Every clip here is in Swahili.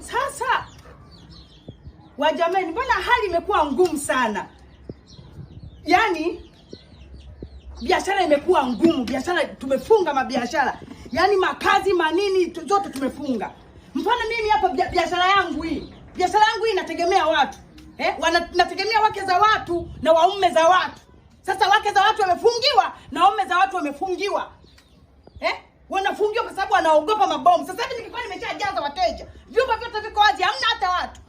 Sasa wajamani, mbona hali imekuwa ngumu sana? Yaani biashara imekuwa ngumu, biashara tumefunga mabiashara, yaani makazi manini zote tumefunga. Mfano mimi hapa biashara yangu hii, biashara yangu hii inategemea watu eh, wana, nategemea wake za watu na waume za watu. Sasa wake za watu wamefungiwa na waume za watu wamefungiwa eh, wanafungiwa wanaogopa mabomu. Sasa hivi nilikuwa nimeshajaza wateja, vyumba vyote viko wazi, hamna hata watu,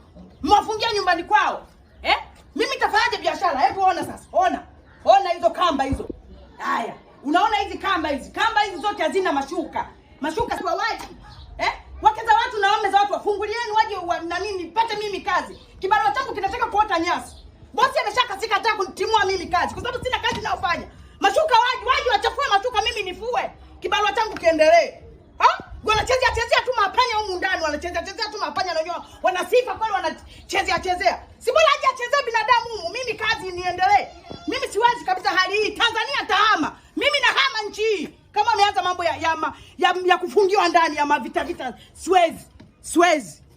mwafungia nyumbani kwao eh? Mimi tafanyaje biashara? Hebu ona sasa, ona ona hizo kamba hizo. Haya, unaona hizi kamba hizi, kamba hizi zote hazina mashuka, mashuka kwa watu eh? Wake za watu na waume za watu, wafungulieni waje wa, na nini pate mimi kazi. Kibarua changu kinataka kuota nyasi, bosi ameshakasika, hata kunitimua mimi kazi kwa sababu sina kazi naofanya. Mashuka waje waje wachafue mashuka, mimi nifue, kibarua changu kiendelee. Wanachezea chezea tu mapanya humu ndani, wanachezea chezea tu mapanya na wenyewe wana sifa kweli, wanachezea chezea. Si bora aje achezee binadamu humu. Mimi kazi niendelee. Mimi siwezi kabisa hali hii. Tanzania tahama. Mimi nahama nchi hii. Kama ameanza mambo ya ya, ya, ya kufungiwa ndani ya mavita vita, siwezi. Siwezi.